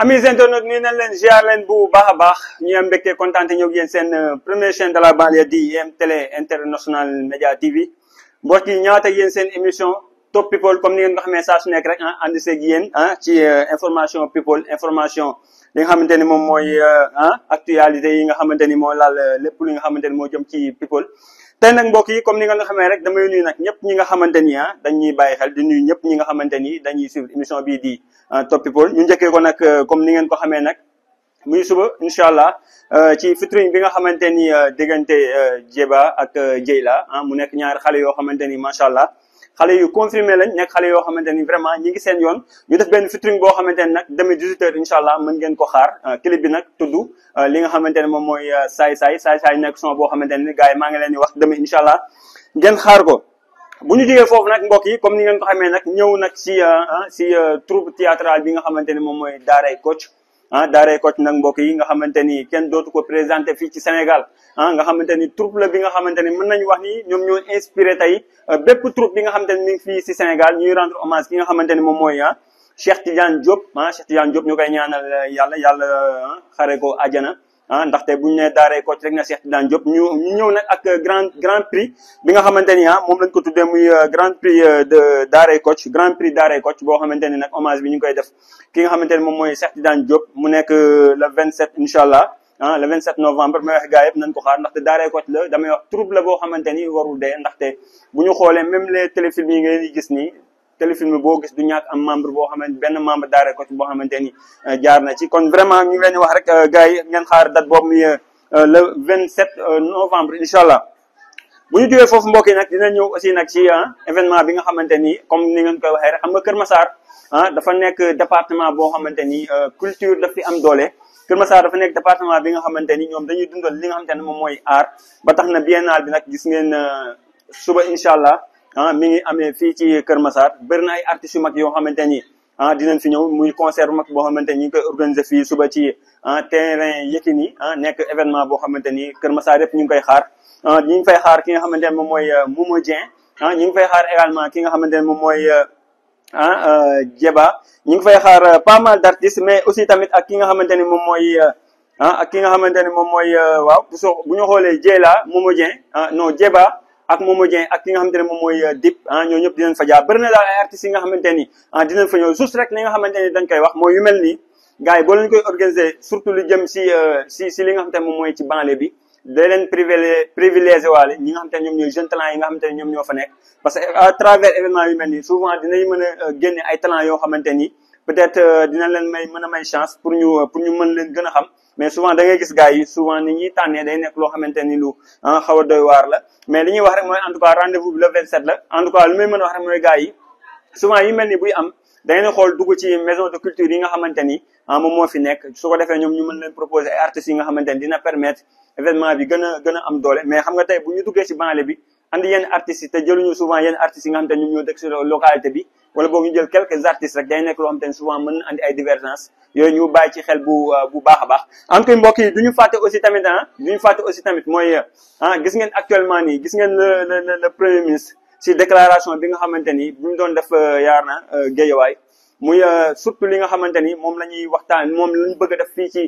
amis internautes nuyu nañ leen ziar leen bu baax a baax ñu am mbégte kontaan te ñëw yéen seen euh, première chaîne de la banlieue di IM télé international média TV mbokk yi ñaata yéen seen émission top people comme ni ngeen ko xamee saa su nekk rek ah ànd seeg yéen ah ci euh, information people information li nga xamante ni moom mooy euh, ah actualité yi nga xamante ni moo laal lépp li nga xamante ni moo jëm ci people. tey nag mbokk yi comme ni nga nga xamee rek damay nuyu nag ñëpp ñi nga xamante ni ah dañuy bàyyi xel di ñi nga xamante ni dañuy suivre émission bii di Euh, top people ñu njëkkee ko nag euh, comme ni ngeen ko xamee nag muy suba incha allah euh, ci featuring bi nga xamante ni diggante Jeeba ak Dieyla ah mu nekk ñaari xale yoo xamante ni macha allah. xale yu confirmé lañ nekk xale yoo xamante ni vraiment ñi ngi seen yoon ñu def benn featuring boo xamante ni nag demee 18 heures incha allah mën ngeen ko xaar clip bi nag tudd li nga xamante ne moom mooy saay saay saay saay nekk son boo xamante ni gars yi maa ngi leen di wax demee incha allah ngeen xaar ko. bu ñu jógee foofu nag mbokk yi comme ni ngeen ko xamee nag ñëw nag si si ah, ah, ah, troupe théâtrale bi nga xamante ni moom mooy daaray Kocc ah daaray Kocc nag mbokk yi nga xamante ni kenn dootu ko présenté fii ci Sénégal ah nga xamante ni troupe la bi nga xamante ni mën nañu wax ni ñoom ñoo inspiré tey bépp troupe bi nga xamante ni mi ngi fii si Sénégal ñuy rendre hommage ki nga xamante ni moom mooy ah Cheikh Diop ah Cheikh Tidiane Diop ñu koy ñaanal yàlla yàlla xare ko àjjana ah ndaxte bu ñu nee daaree Kocc rek na Cheikh Tidiane Diop ñu ñëw nag ak grand prix bi nga xamante ni ah moom lañ ko tuddee muy euh, grand prix euh, de daaree Kocc grand prix daaree Kocc boo xamante ni nag hommage bi ñu koy def ki nga xamante ni moom mooy Cheikh Tidiane Diop mu nekk euh, le 27 incha allah. ah le 27 novembre may wax gaa yëpp nañ ko xaar ndaxte Daaray Kocc la damay wax troupe la boo xamante ni warul dee ndaxte bu ñu xoolee même les téléfilms yi ngeen di gis nii téléfilm boo gis du ñàkk am membre boo xamante benn membre daara ko ci boo xamante ni euh, jaar na ci kon vraiment ñu ngi leen di wax rek euh, gars yi ngeen xaar date boobu muy euh, le 27 novembre incha allah. bu ñu jógee foofu mbokk yi nag dina ñëw aussi nag ci événement bi nga xamante ni comme ni ngeen koy waxee rek xam nga Kër Massar ah dafa nekk département boo xamante ni culture daf fi am doole. Kër Massar dafa nekk département bi nga xamante ni ñoom dañuy dundal li nga xamante ne moom mooy aar ba tax na biennale bi nag gis ngeen suba incha allah. ah mi ngi amee fii ci Kër Massar bëri na ay artistes yu mag yoo xamante ni ah dinañ fi ñëw muy concert bu mag boo xamante ni ñu ngi koy organiser fii suba ci ah, terrain Yékini ah nekk événement boo xamante ni Kër Massar yëpp ñu ngi koy xaar ah, ñu ngi fay xaar ki nga xamante ne moom mooy ah, Momo Dieng ah ñu ngi fay xaar également ki nga xamante ne moom mooy ah ñu ngi fay xaar pas mal d' mais aussi tamit ak ki nga xamante ni moom mooy ah ak ki nga xamante ni moom mooy waaw bu so bu ñu xoolee Diela Momo Dieng ah non Jeba. ak Momo Dieng ak nga xamante moom mooy euh, Dip ah ñoo ñëpp dinañ fa jaar bëri na daal ay artistes yi nga xamante ni ah dinañ fa ñëw juste rek li nga xamante dañ koy wax mooy yu mel nii gars yi koy organiser surtout lu jëm si euh, si li nga xamante moom mooy ci banlieue bi da leen privilé privilégié waale ñi nga xamante ne ñoom ñooy jeune talent yi nga xamante ñoom ñoo fa nekk parce que à travers événement yu mel nii souvent dinañ mën a euh, génne ay talent yoo xamante ni peut euh, dina leen may mën a may chance pour ñu euh, pour leen gën a xam mais souvent da ngay gis gars yi souvent ni ñuy tànnee day nekk loo xamante ni lu ah, may mën a wax rek mooy gars yi souvent yi mel ni buy am da ngeen xool dugg ci maison de culture yi nga xamante ni ah, moom moo fi nekk su ko defee ñoom ñu mën leen proposer ay artistes yi nga xamante dina permettre événement bi gën a am doole mais xam nga tey bu ñu duggee ci banlieue bi andi yenn artistes yi te jëluñu souvent yenn artistes yi nga xam te ñoom ñoo dëkk si localité bi wala boog ñu jël quelques artistes rek day nekk loo xam souvent mën na ay divergence yooyu ñu bàyyi ci xel bu euh, bu baax a baax en tout mbokk yi du ñu fàtte aussi tamit ah du ñu fàtte aussi tamit mooy ah gis ngeen actuellement nii gis ngeen le le le premier ministre si déclaration bi nga xamante ni bu ñu doon def euh, yaar na euh, géejawaay muy surtout li nga xamante ni moom la ñuy waxtaan moom la bëgg a def fii ci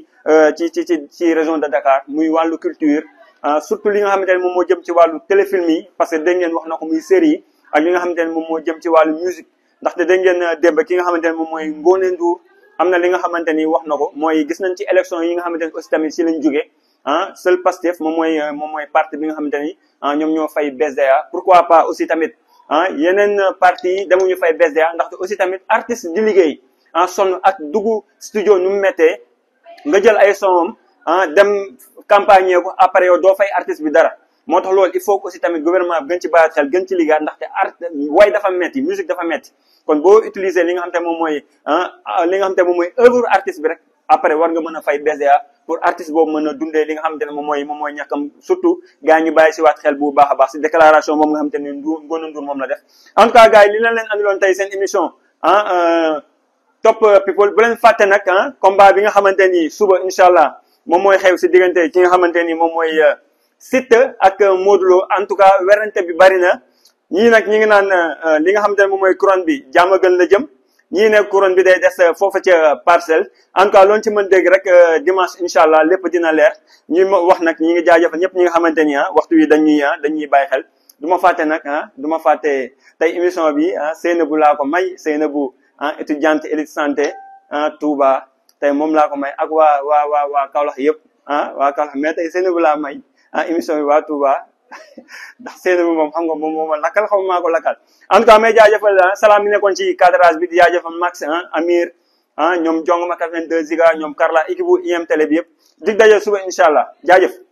ci ci ci région de Dakar muy wàllu culture Euh, surtout li nga xamante ne moom moo jëm ci wàllu téléfilm yi parce que dégg wax na ko muy série ak li nga xamante ne moom moo jëm ci wàllu musique ndaxte dégg ngeen euh, démb ki nga xamante ne moom mooy Ngone Ndour am na li nga xamante ni wax na ko mooy gis nañ ci élection yi nga xamante ne aussi tamit si lañ jógee ah seul Pastef moom mooy euh, moom mooy parti bi nga xamante ni ñoom ñoo fay BSDA pourquoi pas aussi tamit yeneen parti yi demuñu fay BSDA ndaxte aussi tamit artiste di liggéey ah sonn ak dugg studio nu mu méttee nga jël ay sonam ah dem campagne ko après yow doo fay artiste bi dara moo tax loolu il faut que aussi tamit gouvernement bi gën ci bàyyi xel gën ci liggéey ndaxte art way dafa metti musique dafa moom mooy ah, ah li nga mooy œuvre artiste bi rek après war nga mën a fay BCA pour artiste boobu mën a dundee li nga xamante ne moom mooy moom mooy ñàkkam surtout gars baax a baax si déclaration moom nga xamante ne Ndour Ngoné Ndour moom la def en tout cas gars yi li leen leen andiloon tey seen émission ah euh, top people bu leen fàtte ah, bi nga xamante ni suba incha allah moom mooy xew si diggante ki nga xamante ni moom mooy euh, Siteu ak euh, Modou en tout cas werante bi bari na ñii nag ñi ngi naan euh, li nga xamante ne moom mooy couronne bi jàmm gën la jëm ñii ne couronne bi day des foofu ca parcelle en tout cas loolu ci mën dégg rek dimanche incha allah lépp dina leer ñi ñuy wax nag ñi ngi jaajëfal ñëpp ñi nga xamante ni ah waxtu wi dañuy ah dañuy bàyyi xel du ma fàtte nag ah du ma fàtte tey émission bi ah Seynabou laa ko may Seynabou ah étudiante élite santé ah Touba tey moom laa ko may ak wa waa waa waa Kaolack yëpp ah waa may ah émission bi waa Touba ndax Seynabou moom xam nga moom lakkal xaw maa ko lakkal en tout cas may jaajëfal ah, salaam mi nekkoon ci cadrage bi di jaajëfal Max ah, Amir ah, ñoom Jong ma 82 Ziga ñoom Karla équipe bu IM Télé bi yëpp dig daje suba incha allah jaajëf